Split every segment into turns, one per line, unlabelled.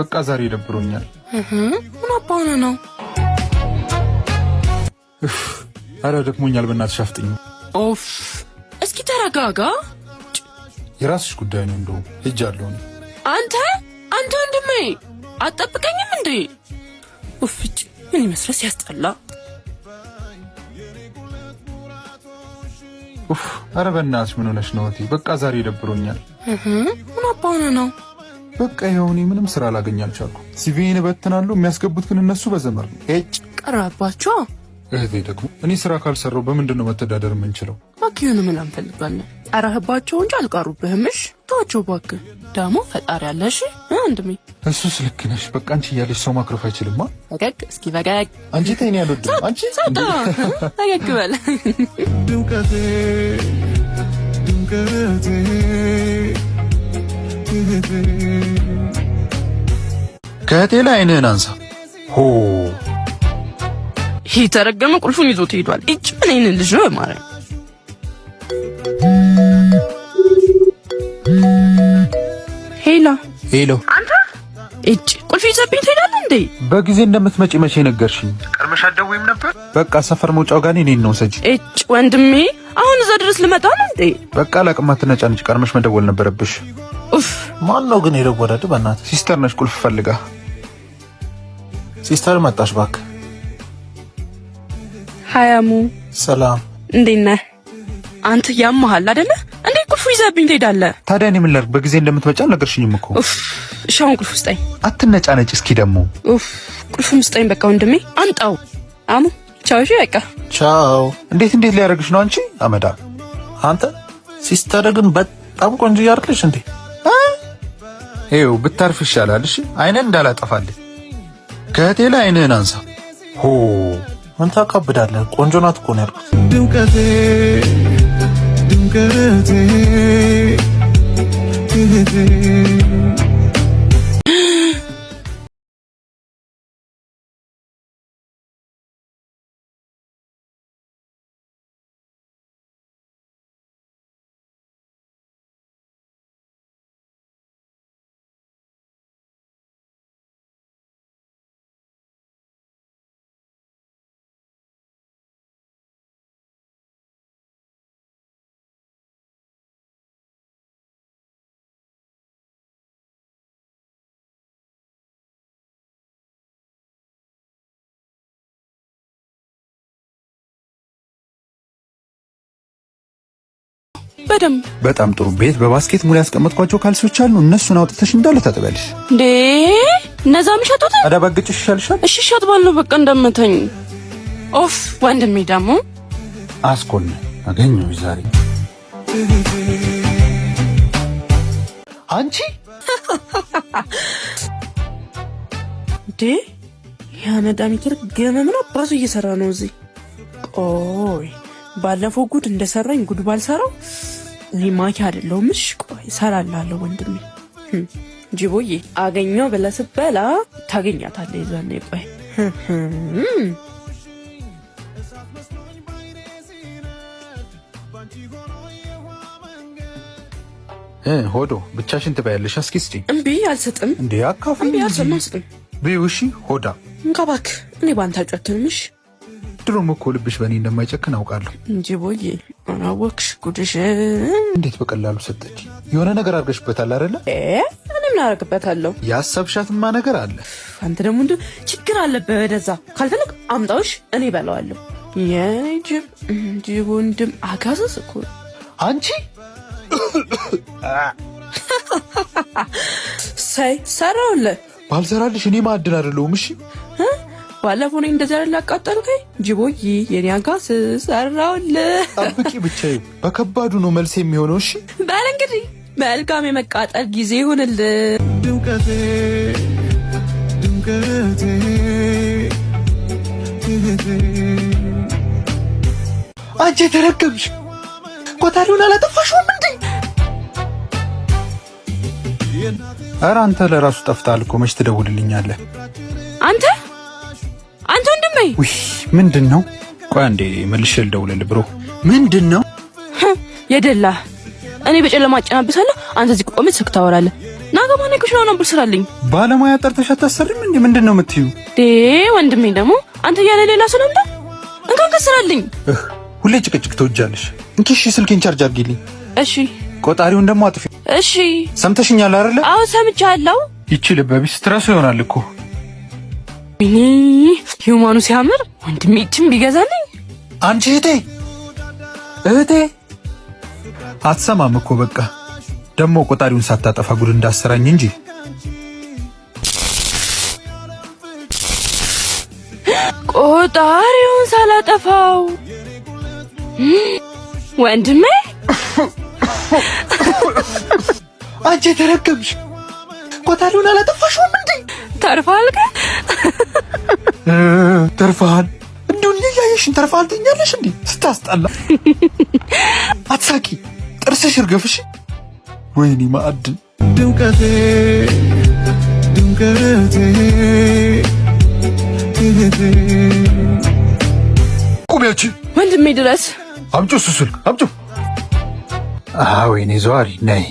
በቃ ዛሬ ደብሮኛል።
ምን አባሆነ ነው?
አረ ደክሞኛል። በእናትሽ አፍጥኝ።
ኦፍ እስኪ ተረጋጋ።
የራስሽ ጉዳይ ነው። እንደው እጅ አለሁ
አንተ አንተ ወንድሜ አትጠብቀኝም እንዴ? ውፍጭ ምን ይመስለስ ያስጠላ።
ኡፍ አረ በእናትሽ ምን ሆነሽ ነው? በቃ ዛሬ ደብሮኛል።
ምን አባሆነ ነው?
በቃ ይኸው እኔ ምንም ስራ ላገኝ አልቻልኩም። ሲቪዬን እበትናለሁ፣ የሚያስገቡት ግን እነሱ በዘመር ነው።
ጭ ቀረባቸው።
እህቴ ደግሞ እኔ ስራ ካልሰራው በምንድን ነው መተዳደር የምንችለው?
ባኪሆን ምን አንፈልጋለን። ጠራህባቸው እንጂ አልቀሩብህም። እሽ ተዋቸው ባክ። ደግሞ ፈጣሪ አለ። እሺ ወንድሜ፣
እሱስ ልክ ነሽ። በቃ አንቺ እያለሽ ሰው ማክረፍ አይችልማ።
ፈገግ እስኪ ፈገግ።
አንቺ ተይኝ ያሉድ አንቺ
ፈገግ በል ድምቀቴ ድምቀቴ
ከእቴ ላይ አይንህን አንሳ።
ሆ
ይሄ ተረገመ ቁልፉን ይዞት ሄዷል። እጭ ምን አይነት ልጅ ነው ማለት ሄላ ሄሎ፣ አንተ እጭ ቁልፍ ይዘብኝ ትሄዳለህ እንዴ?
በጊዜ እንደምትመጪ መቼ ነገርሽኝ?
ቀድመሽ አትደውይም ነበር?
በቃ ሰፈር መውጫው ጋር እኔን ነው ሰጂ።
እጭ ወንድሜ፣ አሁን እዛ ድረስ ልመጣ ነው እንዴ?
በቃ ላቅማት ነጫንጭ፣ ቀድመሽ መደወል ነበረብሽ። ማን ነው ግን የደወለድ? በእናት ሲስተር ነች። ቁልፍ ፈልጋ ሲስተር መጣሽ። ባክ ሀያሙ ሰላም፣
እንዴት ነህ አንተ? ያመሃል አይደለ እንዴ? ቁልፉ ይዘብኝ ትሄዳለ።
ታዲያ እኔ ምን ላድርግ? በጊዜ እንደምትመጪ አልነገርሽኝም እኮ።
እሺ አሁን ቁልፍ ስጠኝ።
አትነጫነጭ። እስኪ ደግሞ
ቁልፉ ስጠኝ። በቃ ወንድሜ አንጣው። አሙ ቻው። እሺ በቃ
ቻው። እንዴት እንዴት ሊያደርግሽ ነው አንቺ አመዳ?
አንተ ሲስተር ግን በጣም ቆንጆ ያርክልሽ እንዴ
ይኸው ብታርፍ ይሻላል። እሺ አይነን እንዳላጠፋልህ ከእቴ ላይ አይንህን አንሳ። ሆ ምን ታካብዳለህ? ቆንጆ ናት እኮ ነው ያልኩት። ድምቀቴ ድምቀቴ በደንብ በጣም ጥሩ። ቤት በባስኬት ሙሉ ያስቀመጥኳቸው ካልሲዎች አሉ። እነሱን አውጥተሽ እንዳለ ታጥቢያለሽ
እንዴ? እነዛ የሚሸጡት
አዳባግጭሽ ይሻልሻል። እሺ
ሸጥ ባለው በቃ እንደምተኝ። ኦፍ ወንድሜ ደግሞ
አስኮል አገኘው ዛሬ። አንቺ
እንዴ ያነዳሚክር ገመምና ባሱ እየሰራ ነው እዚህ ቆይ ባለፈው ጉድ እንደሰራኝ ጉድ ባልሰራው እኔ ማኪ አይደለሁም። እሺ ቆይ እሰራልሃለሁ ወንድሜ ጅቦዬ፣ አገኘው ብለህ ስትበላ ታገኛታለህ። ይዛን ቆይ
ሆዶ ብቻሽን ትበያለሽ። እስኪ ስጪኝ።
እምቢ አልሰጥም።
እንዴ አካፍ እምቢ አልሰጥም። ብዩ እሺ ሆዳ
እንካባክ እኔ ባንታጫትንምሽ
ድሮም እኮ ልብሽ በእኔ እንደማይጨክን አውቃለሁ
እንጂ ቦዬ አወቅሽ ጉድሽ
እንዴት በቀላሉ ሰጠች። የሆነ ነገር አድርገሽበታል አይደለ?
ምን አደርግበታለሁ?
ያሰብሻትማ ነገር አለ።
አንተ ደግሞ እንደ ችግር አለበ ወደዛ ካልፈለግ አምጣውሽ እኔ በለዋለሁ። የኔ ጅብ ጅብ ወንድም አጋዘዝ እኮ አንቺ ሰይ ሰራውለ
ባልሰራልሽ እኔ ማዕድን አይደለሁም። እሺ
ባለፈው እኔ እንደዚህ አይደል አቃጠልከኝ። ጅቦይ የኔ አንካስ ሰራውልህ።
ጠብቂ ብቻዬ፣ በከባዱ ነው መልስ የሚሆነው። እሺ
በል እንግዲህ መልካም የመቃጠል ጊዜ ይሁንልህ። ድምቀቴ ድምቀቴ አንቺ የተረገምሽ ቆታሪውን አላጠፋሽውም እንዴ?
ኧረ አንተ ለራሱ ጠፍተሃል እኮ መች ትደውልልኛለህ
አንተ አትመኝ።
ውይ ምንድን ነው? ቆይ አንዴ መልሼ ልደውልልህ። ብሮ ምንድን ነው
የደላ? እኔ በጨለማ አጨናብሳለሁ፣ አንተ እዚህ ቆመህ ስልክ ታወራለህ። ናገማ ነው ኩሽና ነው ብስራልኝ።
ባለሙያ ጠርተሽ አታሰሪም እንዴ? ምንድን ነው የምትዩ?
ዴ ወንድሜ ደግሞ አንተ እያለ ሌላ ሰው ነው እንዴ? እንኳን ከስራልኝ።
ሁሌ ጭቅጭቅ ትወጃለሽ። እንኪ እሺ፣ ስልኬን ቻርጅ አድርጊልኝ። እሺ፣ ቆጣሪውን ደግሞ አጥፊ። እሺ፣ ሰምተሽኛል አይደለ?
አዎ ሰምቻለሁ።
ይቺ ልበቢስ ትረሱ ይሆናል እኮ
ሂውማኑ ሲያምር ወንድሜ እችም ቢገዛልኝ።
አንቺ እህቴ እህቴ አትሰማም እኮ በቃ ደግሞ ቆጣሪውን ሳታጠፋ ጉድ እንዳሰራኝ እንጂ
ቆጣሪውን ሳላጠፋው ወንድሜ አንቺ የተረገምሽ ቆጣሪውን አላጠፋሽውም እንዴ? ተርፋልከ
ተርፋሃል። እንዲሁ እያየሽን ተርፋሃል ትኛለሽ። እንዴ? ስታስጠላ አትሳቂ። ጥርስሽ እርገፍሽ። ወይኔ ማዕድን ድምቀቴ ድምቀቴ ቁሚያች
ወንድሜ ድረስ
አምጩ ሱሱል አምጩ። ወይኔ ዘዋሪ ነይ።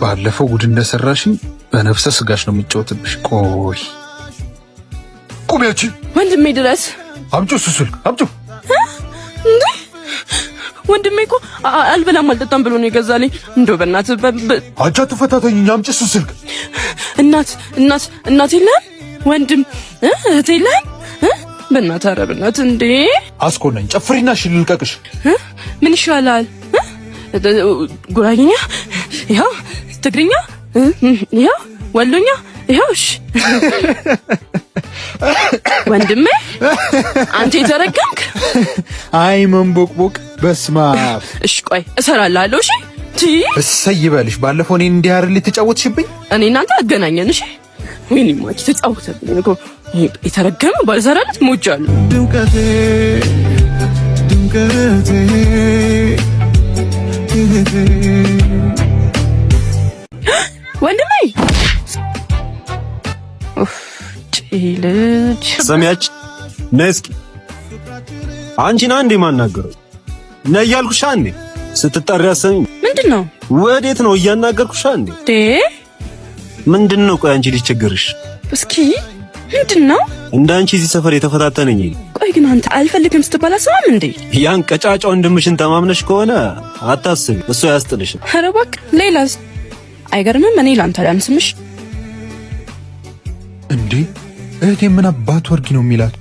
ባለፈው ጉድ እንደሰራሽኝ በነፍሰ ስጋሽ ነው የምጫወትብሽ። ቆይ ቁሚያቺ
ወንድሜ ድረስ
አምጩ ሱሱን አምጩ
እንዴ ወንድሜ እኮ አልበላም አልጠጣም ብሎ ነው የገዛልኝ። እንደው በእናት
አንቺ አትፈታተኝ። አምጪ እሱ ስልክ
እናት እናት እናት የለህም ወንድም እህት የለህም። በእናት ኧረ በእናት እንዴ
ጨፍሪና እሺ ልልቀቅሽ።
ምን ይሻላል? ጉራጌኛ፣ ያው ትግርኛ፣ ያው ወሎኛ ይኸውሽ ወንድሜ አንተ የተረገምክ።
አይ መንቦቅቦቅ በስማፍ
እሺ ቆይ እሰራላለሁ። እሺ ቲ
እሰይ ይበልሽ። ባለፈው እኔን እንዲህ አይደል የተጫወትሽብኝ?
እኔ እናንተ አገናኘን። እሺ ወይኔ ማች ተጫወተብኝ እኮ የተረገመ ባልዘራለት ሞጃለሁ። ድምቀቴ ድምቀቴ ወንድሜ ይሄ ልጅ
ሰሚያች ነስኪ እስኪ አንቺ ና እንዴ ማናገረው ነይ እያልኩሻ እንዴ ስትጠሪ አሰሚ ምንድን ነው ወዴት ነው እያናገርኩሻ እንዴ ዴ ምንድን ነው ቆይ አንቺ ልጅ
እስኪ ምንድን ነው
እንደ አንቺ እዚህ ሰፈር የተፈታተነኝ
ቆይ ግን አንተ አልፈልግም ስትባል አሰማም እንዴ
ያን ቀጫጫ ወንድምሽን ተማምነሽ ከሆነ አታስብ እሱ አያስጥልሽም
ኧረ እባክህ ሌላስ አይገርምም እኔ ላንተ ላንስምሽ
እንዴ እህቴ ምን አባት ወርጊ ነው የሚላት?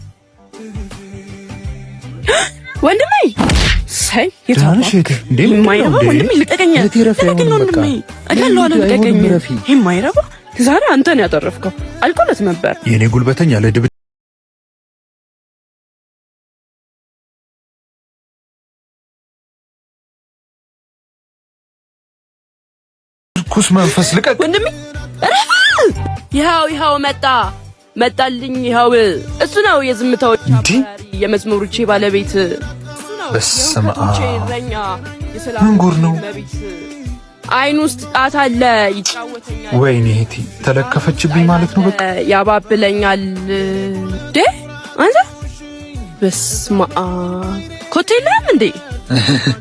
ወንድሜ ሳይ የታነሽ እህቴ እንዴ ማይረባ ወንድሜ ልቀቀኛል። እህቴ ወንድሜ ረፈ ማይረባ ዛሬ አንተ ነው ያጠረፍከው። አልቆለት ነበር
የኔ ጉልበተኛ ለድብ ኩስ መንፈስ ልቀቅ
ወንድሜ። ይኸው ይኸው መጣ መጣልኝ ይኸው እሱ ነው የዝምታዎች አባሪ የመዝሙሮቼ ባለቤት
በስመ አብ ምን ጉር ነው
አይን ውስጥ ጣት አለ
ይጫወተኛል ወይኔ እህቴ ተለከፈችብኝ ማለት ነው በቃ
ያባብለኛል ዴ አንተ በስመ አብ ኮቴላም እንዴ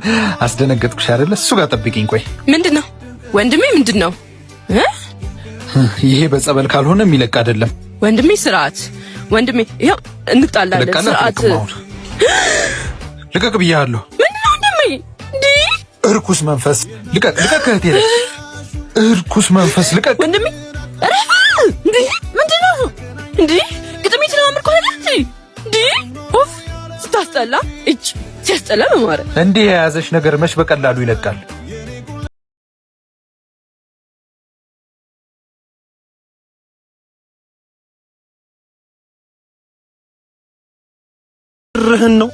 አስደነገጥኩሽ አይደለ እሱ ጋር ጠብቂኝ ቆይ
ምንድነው ወንድሜ ምንድነው
ይሄ በጸበል ካልሆነ የሚለቅ አይደለም
ወንድሜ ስርዓት፣ ወንድሜ ይኸው እንጣላለን።
ስርዓት ልቀቅ ብያለሁ።
ምን ነው ወንድሜ? እንዴ
እርኩስ መንፈስ ልቀቅ፣ ልቀቅ እህቴ፣ እርኩስ መንፈስ ልቀቅ
ወንድሜ። አረ እንዴ ምንድን ነው እንዴ? ግጥሜ ትለማምር ከሆነ እንዴ ኡፍ ስታስጠላ፣ እጅ ሲያስጠላ ነው ማለት
እንዴ። የያዘሽ ነገር መች በቀላሉ ይለቃል? የምርህን ነው?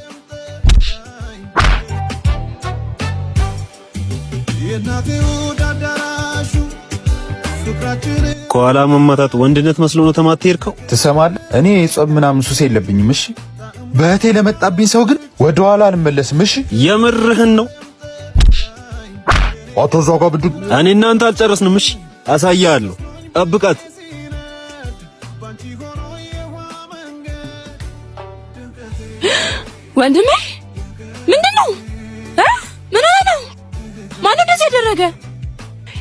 ከኋላ መማታት ወንድነት መስሎ ነው ተማት ሄድከው። ትሰማለህ? እኔ የጾም ምናምን ሱስ የለብኝም። እሺ፣ በእህቴ ለመጣብኝ ሰው ግን ወደ ኋላ አልመለስም። እሺ፣ የምርህን ነው? አቶ ዛጋ ብዱ እኔ እናንተ አልጨረስንም። እሺ፣ አሳያለሁ። ጠብቃት።
ወንድሜ ምንድን ነው? ምን ሆነ ነው? ማነው እንደዚህ ያደረገ?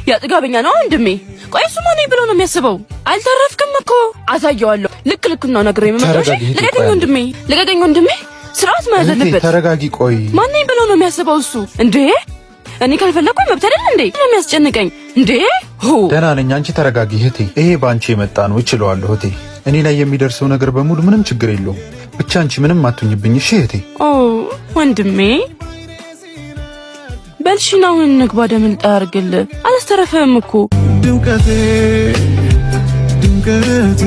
ያ ጥጋበኛ ነው ወንድሜ። ቆይ እሱ ማነኝ ብሎ ነው የሚያስበው? አልተረፍክም እኮ አሳየዋለሁ። ልክ ልክ ነው ነገር የምመጣው። ልቀቀኝ ወንድሜ፣ ልቀቀኝ ወንድሜ። ስርዓት መያዝ አለበት።
ተረጋጊ። ቆይ
ማነኝ ብሎ ነው የሚያስበው እሱ? እንዴ እኔ ካልፈለኩኝ መብት አይደል እንዴ? ነው የሚያስጨንቀኝ እንዴ?
ሆ ደህና ነኝ። አንቺ ተረጋጊ እህቴ። ይሄ በአንቺ የመጣ ነው። እችለዋለሁ እህቴ። እኔ ላይ የሚደርሰው ነገር በሙሉ ምንም ችግር የለውም። ብቻ አንቺ ምንም አትሁኝብኝ እሺ እህቴ።
ኦ ወንድሜ በልሽና አሁን እንግባ። ደምልጣ ያርግል። አላስተረፈም እኮ ድምቀቴ ድምቀቴ